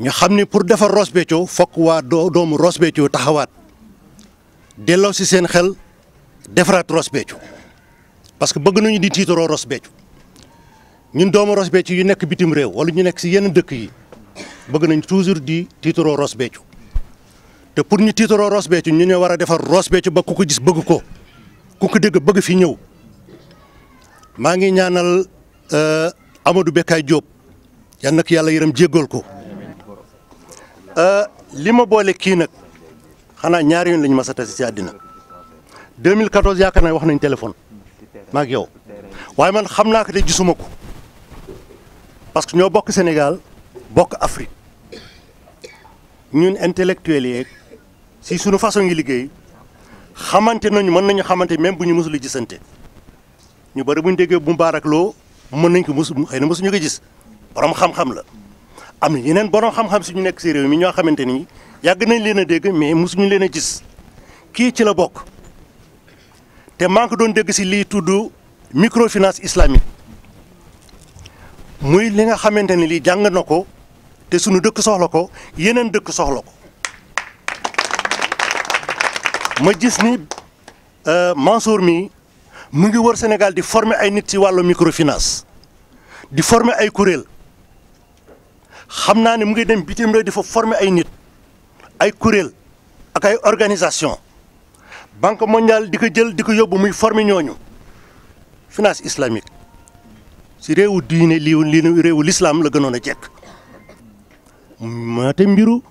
ñu xam ni pour defar Ross Béthio fokk waa doomu Ross Béthio taxawaat delloo si seen xel defaraat Ross Béthio parce que bëgg nañu di tiitaroo Ross Béthio ñun doomu Ross yu nekk bitim réew wala ñu nekk si yenn dëkk yi bëgg nañ toujours di tiitaroo Ross Béthio te pour ñu tiitaroo rose Béthio ñu ne war a defar Ross Béthio ba ku ko gis bëgg ko ku ko dégg bëgg fi ñëw maa ngi ñaanal euh, Amadou Bekay jóob yal nag yàlla yërëm jéggal ko. Euh, li ma boole kii nag xanaa ñaari yoon lañu ñu mas a tase si àddina 2014 yaakaar naa wax nañ téléphone maak yow waaye man xam naa ko te gisuma ko parce que ñoo bokk Sénégal bokk Afrique ñun intellectuels yeeg si sunu façon ngi liggéey xamante nañu mën nañu xamante même bu ñu mësul gisante ñu bëri bu ñu déggee Moubarak loo mën nañ ko mësu xay na mësuñu ko gis borom xam-xam la. am yenen borom xam-xam suñu nek ci rew mi ño xamanteni yag nañ leena deg mais mosuñu leena gis ki ci la bok té doon microfinance islamique muy li nga xamanteni li jang nako té te suñu dëkk soxla ko yeneen dëkk ma gis ni euh, Mansour mi mu ngi wër Sénégal di former ay nit ci walu microfinance di former ay kuréel xamna ni ne mu ngi dem bitim rew di fa former ay nit ay kuréel ak ay organisation banque mondiale di jël di ko muy former ñooñu finance islamique si rewu diine li li rewu l'islam la na jek ma yen mbiru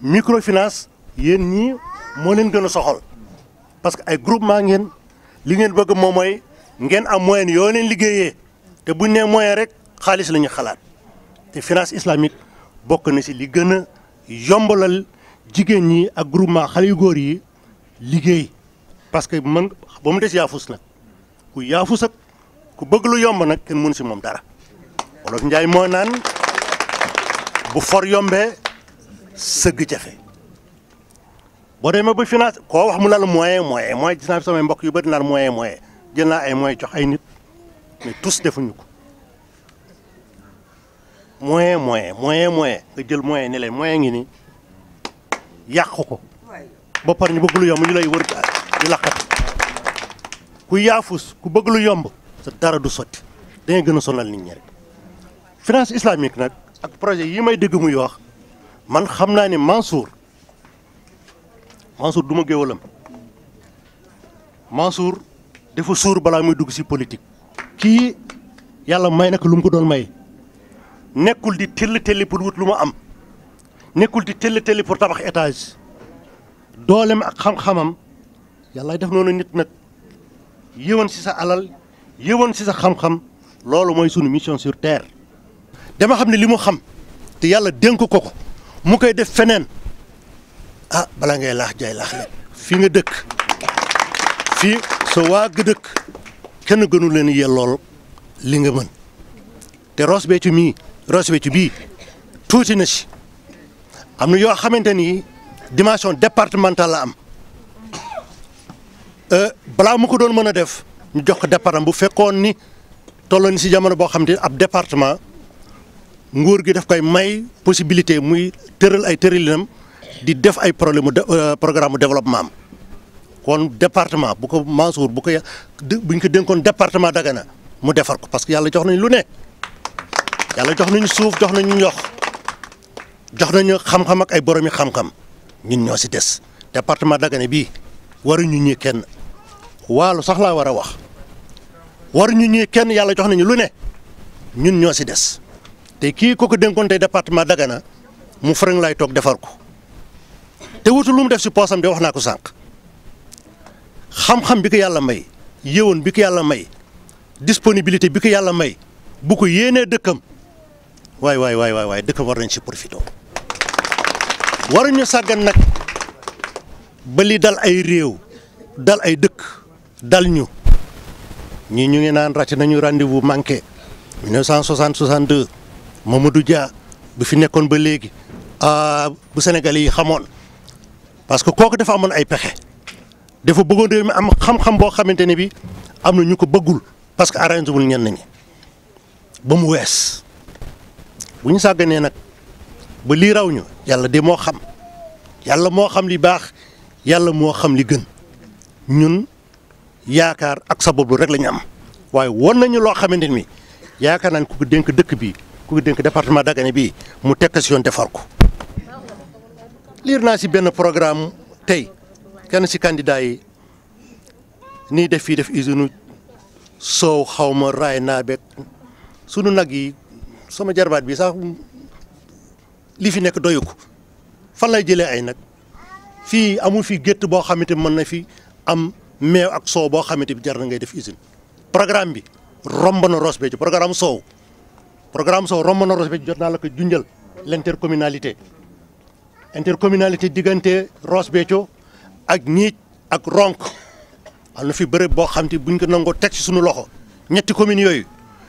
microfinance yen ni mo leen gëna a parce que ay groupement ngeen li ngeen bëgg mo moy ngeen am moyen yo leen liggéeyé te moyen rek xaalis lañu xalaat te finance islamique bokk na ci li gën yombalal jigéen ñi ak groupement xali goor yi liggéey parce que man bo mu des yaafus nak ku yaafus ak ku bëgg lu yomb nak ken mënu ci mom dara wolof njaay mo naan bu for yombé seug jafé bo déma bu finance ko wax mu lal moyen moyen moyen gis naa fi mbokk yu bëri naan moyen moyen jël naa ay moyen jox ay nit mais tous defuñu ko moyen moyen moyen moyen nga jël moyen ne leen moyen ngi ni yàq ko ba par ñu bëgg lu yomb ñu lay wër di laqat ku yaafus ku bëgg lu yomb sa dara du da sonal nit ñi rek finance islamique ak projet yi may wax man xam naa ni mansour mansour du ma géwalam mansour dafa suur balaa muy dugg politique may na lu mu ko doon may nekkul di tëll tëlli pour wut lu ma am nekkul di tëll tëlli pour tabax étage doolem ak xam-xamam yàlla def noonu nit nag yëwan ci sa alal yëwan ci sa xam-xam loolu mooy sunu mission sur dama xam ne li mu xam te yàlla dénk ko ko mu koy def feneen a ah, balaa ngay laax jaay laax la fii nga dëkk fii sa waa ga dëkk kenn gënu leen yellool li nga mën te Ross Béthio mii Ross ci bi touti na ci amna yo xamanteni ni dimension départementale la am euh, balaa mu ko doon meuna def ñu jox ko département bu fekkoon ni tolloo ni si jamono bo xamanteni ab département nguur gi daf koy may possibilité muy tëral ay terilinam di def ay problème euh, programme développement kon département bu ko Mansour bu ko ya, buñ ko denkon département Dagana mu defar ko parce que yalla jox nañ lu ne yàlla jox nañu suv, jox nañu ndox jox nañu xam-xam ak ay boromi xam-xam ñun ñoo si des département bi bii waruñu ñi kenn waalu sax laa war a wax waruñu ñi kenn yàlla jox nañu lu ne ñun ñoo si des te ko ko dénkoon tey département Dagana mu farang laay tok defar ko te wutu lu mu def si poosam de wax naa ko sànq xam-xam bi ko yàlla may yewon bi ko yàlla may disponibilité bi ko may bu ko yéenee way way way way way dëkk war nañ ci profité ñu sagan nak ba li dal ay rew dal ay dëkk dal ñu ñi ñu ngi naan raté nañu rendez-vous manqué 1962 Mamadou Dia bu fi nekkon ba ah bu Sénégal yi xamone parce que koku dafa amone ay pexé dafa bëggoon réew mi am xam-xam bo xamanteni bi amna na ñu ko bëggul parce que arrangé wul ñenn ñi ba bu ñu nak ba li raw ñu yàlla de moo xam yalla mo xam li bax yalla mo xam li gën ñun yaakar ak sabablu rek la am waye won nañu lo xamanteni mi yaakaar nañ ku ko dénk dëkk bi ku ko département bi mu tekk si yon defar ko lire na si ben programme tay kenn si candidat yi ni def fi def usine so xawma ma raay sunu nag yi sama jarbaat bi sax li fi nekk doyu ko fan lay jëlee ay nag fii amul fi gétt boo xamante mën na fi am meew ak soow boo xamante bi jar na ngay def usine programme bi romb na Ross Béthio programme soow programme soow romb na Ross Béthio jot naa la ko communalité l'intercommunalité communalité diggante Ross Béthio ak Niit ak Ronk am na fi bërëb boo xam te buñ ko nangoo teg ci suñu loxo ñetti communes yooyu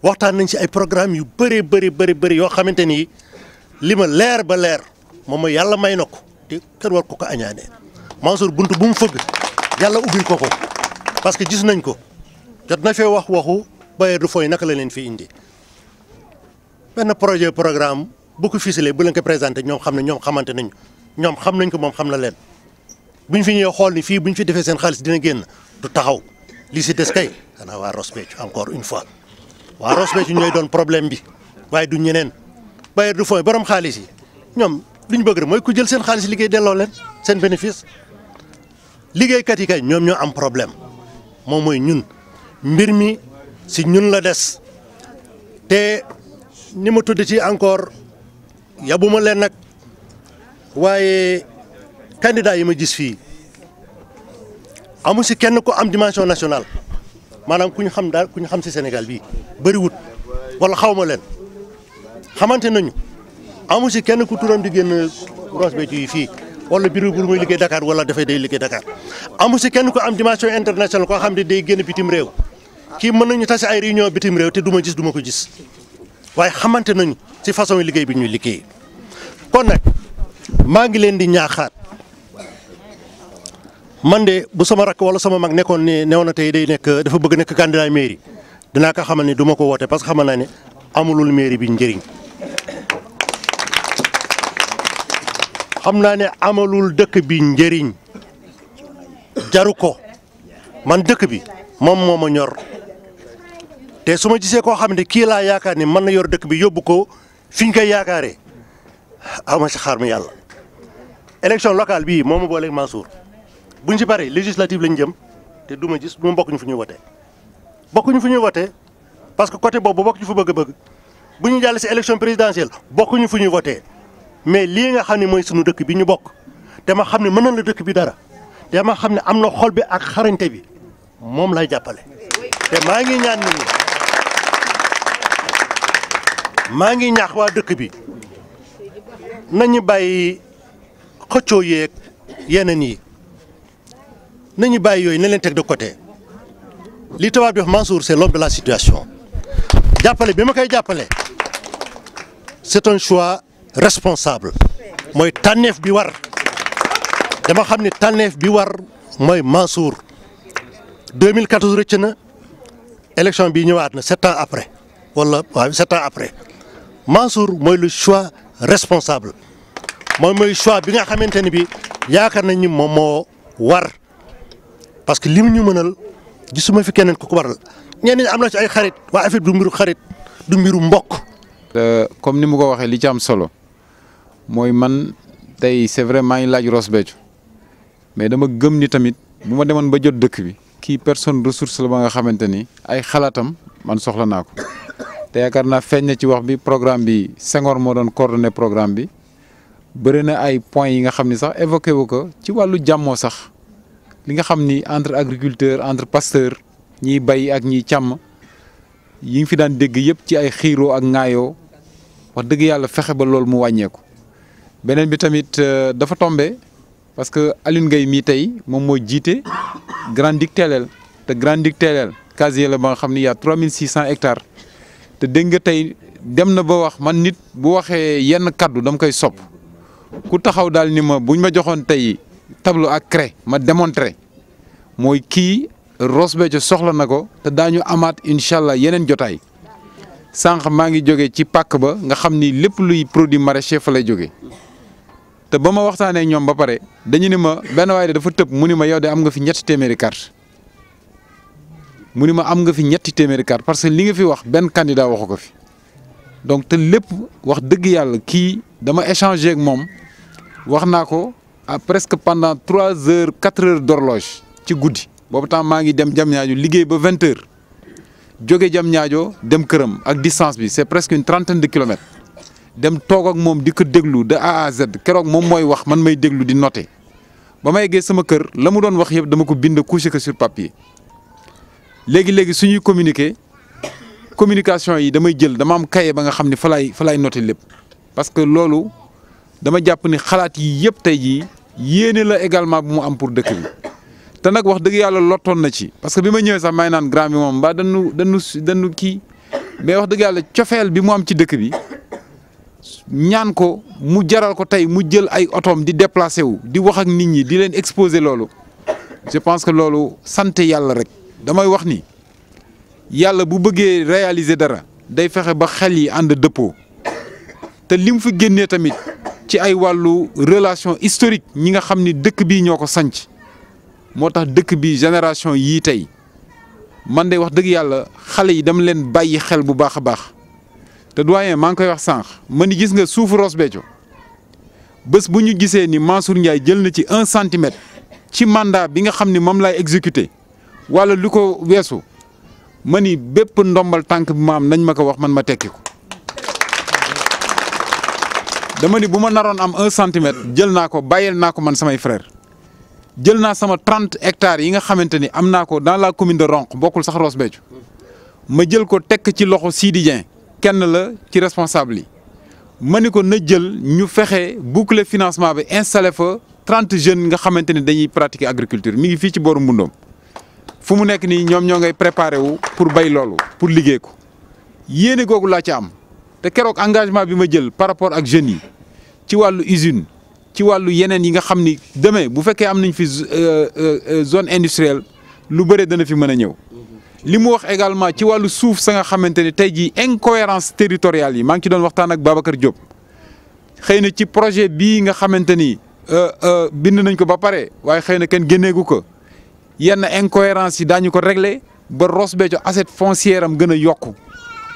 waxtaan nañ ci ay programme yu bëree bëri bëri bëri yoo xamante nii li ma leer ba leer moom mooy yàlla may na ko te kenn war ko ko añaane Mansour bunt bu mu fëgg yàlla ubbil ko ko parce que gis nañ ko jot na fee wax waxu bailleurs de fooy yi naka la leen fi indi benn projet programme bu ko ficelé bu leen ko présenté ñoom xam ne ñoom xamante nañu ñoom xam nañ ko moom xam na leen bu ñu fi ñëwee xool ni fii bu ñu fi defee seen xaalis dina génn du taxaw li si des kay xanaa waa Ross Béthio encore une fois waa Ross Béthio ñooy doon problème bi waaye du ñeneen bailleurs du fonds yi borom xaalis yi ñoom li ñu bëgg rek mooy ku jël seen xaalis liggéey delloo leen seen bénéfice liggéeykat yi kay ñoom ñoo am problème moom mooy ñun mbir mi si ñun la des te ni ma tudd ci encore yabuma leen nag waaye candidat yi ma gis fii amu si kenn ku am dimension national maanaam ku ñu xam daal ku ñu xam ci Sénégal bi bëriwut wala xaw ma leen xamante nañu amu si kenn ku turam di génn Ross Béthio fii wala bureau bu muy liggéey Dakar wala dafay day liggéey Dakar amu si kenn ku am dimension internationale koo xam di day génn bitim réew kii mën nañu tase ay réunion bitim réew te du ma gis duma ko gis waaye xamante nañu si façon liggéey bi ñuy liggéey kon nag maa ngi leen di ñaaxaat. man de bu sama rakk wala sama mag nekkoon ne new na tey day nekk dafa bëgg nekk candidat mairie dinaa ko xamal ne duma ko woote parce que xamal naa ne amulul mairie bi njëriñ xam naa ne amalul dëkk bi njëriñ jaru ko man dëkk bi moom moo ma ñor te su ma gisee koo xam ne kii laa yaakaar ni man na yor dëkk bi yóbbu ko fi ñu koy yaakaaree ama si xaar mi yàlla élection locale bii moom ma booleeg Mansour buñ ci paree législative lañ jëm te duma ma gis moom bokkuñu fu ñuy wote bokkuñu fu ñuy wote parce que côté boobu bokkuñu fu bëgg a bëgg bu ñu jàll si élection présidentielle bokkuñu fu ñuy wote mais lii nga xam ni mooy suñu dëkk bi ñu bokk te ma xam ne mënoon la dëkk bi dara te ma xam ne am na xol bi ak xarañte bi moom lay jàppale te maa ngi ñaan nit maa ngi ñaax waa dëkk bi nañu bàyyi xëccoo yeeg yeneen yi nañu bàyyi yooyu na leen de côté li tubaab di Mansour c'est l'homme de la situation jàppale bi ma koy jàppale c'est un choix responsable mooy Tanef bi war dama xam ne tànneef bi war mooy Mansour 2014 rëcc na élection bi ñëwaat na sept ans après wala waaw sept ans après Mansour mooy le choix responsable moom mooy choix bi nga xamante ne bi yaakaar nañ ni moom moo war. parce que lim ñu mënal gisuma fi keneen ku ko waral ñeneen amna ci ay xarit wa affaire du mbiru xarit du mbiru mbokk. Euh, comme ni mu ko waxe li ci am solo moy man tay c'est vrai maa ngi laaj Ross Béthio mais dama gëm ni tamit buma demone ba jot dekk bi ki personne ressource la ba nga xamanteni ay xalatam man soxla nako te yaakaar naa ci wax bi programme bi Senghor mo doon coordonner programme bi beurena ay point yi nga xamni sax évoquer wuko ci walu jammo sax. li nga xam ni entre agriculteur entre pasteur ñiy bay ak ñiy càmm yi ngi fi daan dégg yëpp ci ay xiiro ak ŋaayoo wax dëgg yàlla fexe ba loolu mu wàññeeku. beneen bi tamit euh, dafa tombe parce que Alioune Ngaye mii tey moom moo jiite Grand Digue te Grand Digue Téléel casier la ba nga xam ni y'a 3600 hectares te dégg nga tey dem na ba wax man nit bu waxee yenn kaddu dama koy sopp ku taxaw daal ni ma buñ ma joxoon tey. tableau ak créer, ma démontrer moy qui rosbe ci soxla nako te daañu Amat, inshallah yenen yeneen sank ma ngi joggé ci pàkk ba nga xamni lepp luy produit maraîcher fa lay joggé te bama waxtané ñom ba pare dañu ni ma dafa yow de am nga fi ñetti téeméeri carte munima am nga fi carte parce que li nga fi wax candidat fi donc te lip wax dëgg yalla ki dama échanger ak mom waxnako à presque pendant trois heures quatre heures d'horloge ci guddi boobu temps maa ngi dem Diamniadio liggéey ba vingt heures jóge ñaajo dem këram ak distance bi c'est presque une trentaine de kilomètres dem toog ak moom di ko déglu de A à Z keroog moom mooy wax man may déglu di noter ba ma yeggee sama kër la mu doon wax yëpp dama ko bind couché ko sur papier léegi léegi suñuy communiquer communication yi damay jël dama am cahier ba nga xam ne fa laay fa laay noter lépp parce que loolu dama jàpp ni xalaat yi yëpp tey jii. yéene la également bi mu am pour dëkk bi te nag wax dëgg yàlla lottoon na ci parce que bi ma ñëwee sax may naan grand bi moom mbaa danu danu danu kii mais wax dëgg yàlla cofeel bi mu am ci dëkk bi ñaan ko mu jaral ko tey mu jël ay otoom di déplacé wu di wax ak nit ñi di leen exposé loolu je pense que loolu sant yàlla rek damay wax ni yàlla bu bëggee réaliser dara day fexe ba xel yi ànd dëppoo. te li fi tamit ci ay walu relation historique ñi nga xamni dëkk bi sanc motax dëkk bi génération yitei, tay man de wax dëgg yalla xalé yi dam leen te doyen man koy wax souffre man ni gis nga ni Mansour Ndiaye jël na un centimètre ci mandat bi nga exécuté wala luko ko mani ndombal nañ man dama ni bu ma naroon am un centimètre jël naa ko bàyyil naa ko man samay frère jël naa sama trente hectares yi nga xamante ni am naa ko dans la commune de Ronk bokkul sax Ross Béthio ma jël ko tekk ci loxo Sidi Dieng kenn la ci responsable yi ma ni ko na jël ñu fexe boucler financement bi installé fa trente jeunes nga xamante ni dañuy pratiquer agriculture mi ngi fii ci booru Mbundoom fu mu nekk nii ñoom ñoo ngay préparé wu pour bay loolu pour liggéey ko yéene googu laa ci am. te keroog engagement bi ma jël par rapport ak jeunes yi ci wàllu usine ci wàllu yeneen yi nga xam ni demain bu fekkee am nañ fi euh, euh, euh, zone industrielle lu bëre dana fi mën a ñëw. li mu wax également ci wàllu suuf sa nga xamante ne tey jii incohérence territoriale yi maa ngi ci doon waxtaan ak Babacar Diop xëy na ci projet bii nga xamante ni bind nañ ko ba pare waaye xëy na kenn génneegu ko yenn incohérence yi daañu ko régler ba Ross Béthio assiette foncière am gën a yokku.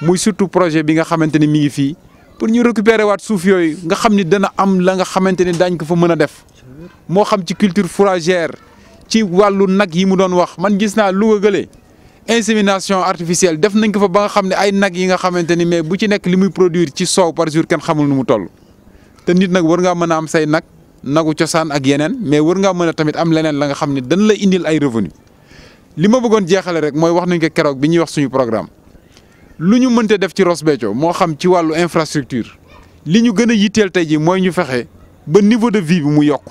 muy surtout projet bi nga xamante ni mi ngi fii pour ñu récupérer waat suuf yooyu nga xam ni dana am la nga xamante ni daañ ko fa mën a def moo xam ci culture fourragère ci wàllu nag yi mu doon wax man gis naa lu gële insémination artificielle def nañ ko fa ba nga xam ne ay nag yi nga xamante ni mais bu ci nekk li muy produire ci soow par jour kenn xamul nu mu toll te nit nag war ngaa mën a am say nag nagu cosaan ak yeneen mais war ngaa mën a tamit am leneen la nga xam ne dañ la indil ay revenu li ma bëggoon jeexale rek mooy wax nañ ko keroog bi ñuy wax suñu programme lu ñu mënte def ci Ross Béthio l'infrastructure. xam ci wàllu infrastructure li ñu gën a yitteel ji ñu ba niveau de vie bi mu yok.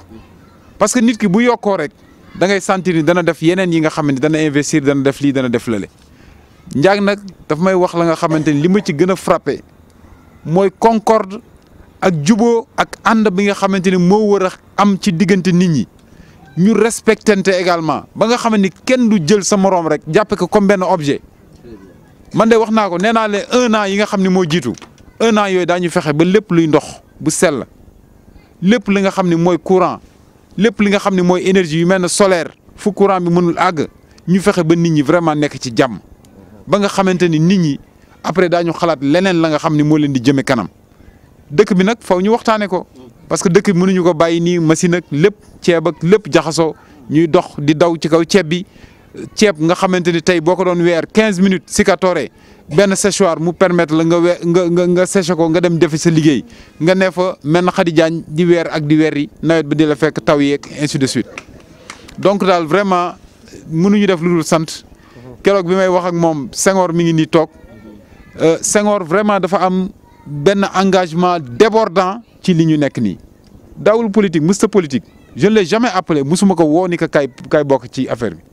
parce que nit ki bu yokkoo rek da ngay sentir ni dana def yenen yi nga xamanteni dana investir dana def li dana def lële. Njaag nak daf may wax la nga xamanteni ni ci gëna frapper moy concorde ak djubo ak and bi nga xamanteni ni wara am ci digënté nit ñi. ñu respectante également ba nga xamanteni kenn du jël sa morom rek jàppe ko comme ben objet man de wax naa ko nee naa leen un yi nga xam ne moo jiitu un an yooyu daañu fexe ba lépp luy ndox bu sell lépp li nga xam ne mooy courant lépp li nga xam ne mooy énergie yu mel ne solaire fu courant bi mënul àgg ñu fexe ba nit ñi vraiment nekk ci jàmm ba nga xamante ni nit ñi après daañu xalaat leneen la nga xam ni moo leen di jëme kanam dëkk bi nag faw ñu waxtaanee ko parce que dëkk bi mënuñu ko bàyyi nii machine ak lépp ceeb ak lépp jaxasoo ñuy dox di daw ci kaw ceeb bi tiep nga xamanteni tay boko boo ko 15 minutes si ben séchoir mu permettre la nga nga nga sécher ko nga dem defi sa liguey nga ne fa mel na di weer ak di weer yi nawet bi di la fekk taw yeeg ainsi de suite. donc dal vraiment ñu def lu dul sant keroog bi may wax ak mom Senghor mi ngi ni tok euh Senghor vraiment dafa am ben engagement débordant ci li ñu nek ni daawul politique mësta politique je ne l'ai jamais appelé musuma ko wo ni ka kay kay bokk ci affaire bi.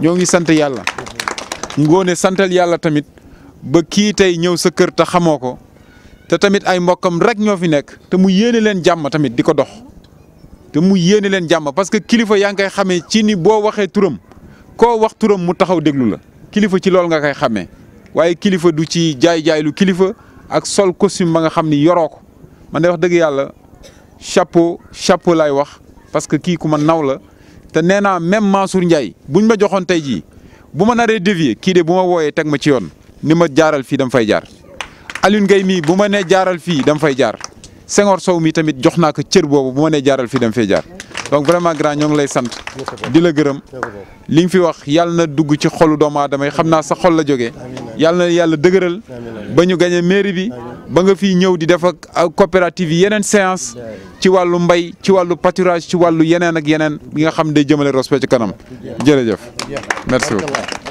ñoo ngi sant yàlla ngoone santal yàlla tamit ba kii tey ñëw sa kër ta xamoo ko te tamit ay mbokkam rek ñoo fi nekk te mu yéene leen jàmm tamit di ko dox te mu yéene leen jàmm parce que kilifa yaa ngi koy xamee ci ni boo waxee turam koo wax turam mu taxaw déglu la kilifa ci loolu nga koy xamee waaye kilifa du ci jaay jaaylu kilifa ak sol costume ba nga xam ni yoroo ko man de wax dëgg yàlla chapeau chapeau laay wax parce que kii ku ma naw la te nee naa même Mansour bu ñu ma joxoon tey jii bu ma naree dévier kii de bu ma wooyee teg ma ci yoon ni ma jaaral fii dama fay jaar Alioune Gueye mii bu ma nee jaaral fii dama fay jaar Senghor Sow mii tamit jox naa ko cër boobu bu ma nee jaaral fii dama fay jaar. donc vraiment grand ñoo ngi lay sant di la gërëm li nga fi wax yàlla na dugg ci xolu doomu aadama yi xam naa sa xol la jógee yàlla na yàlla dëgëral ba ñu gañee mairie bi ba nga fi ñëw di def ak coopérative yi yeneen séance ci wàllu mbay ci wàllu pâturage ci wàllu yeneen ak yeneen bi nga xam day jëmale Ross Béthio ci kanam jërëjëf merci beaucoup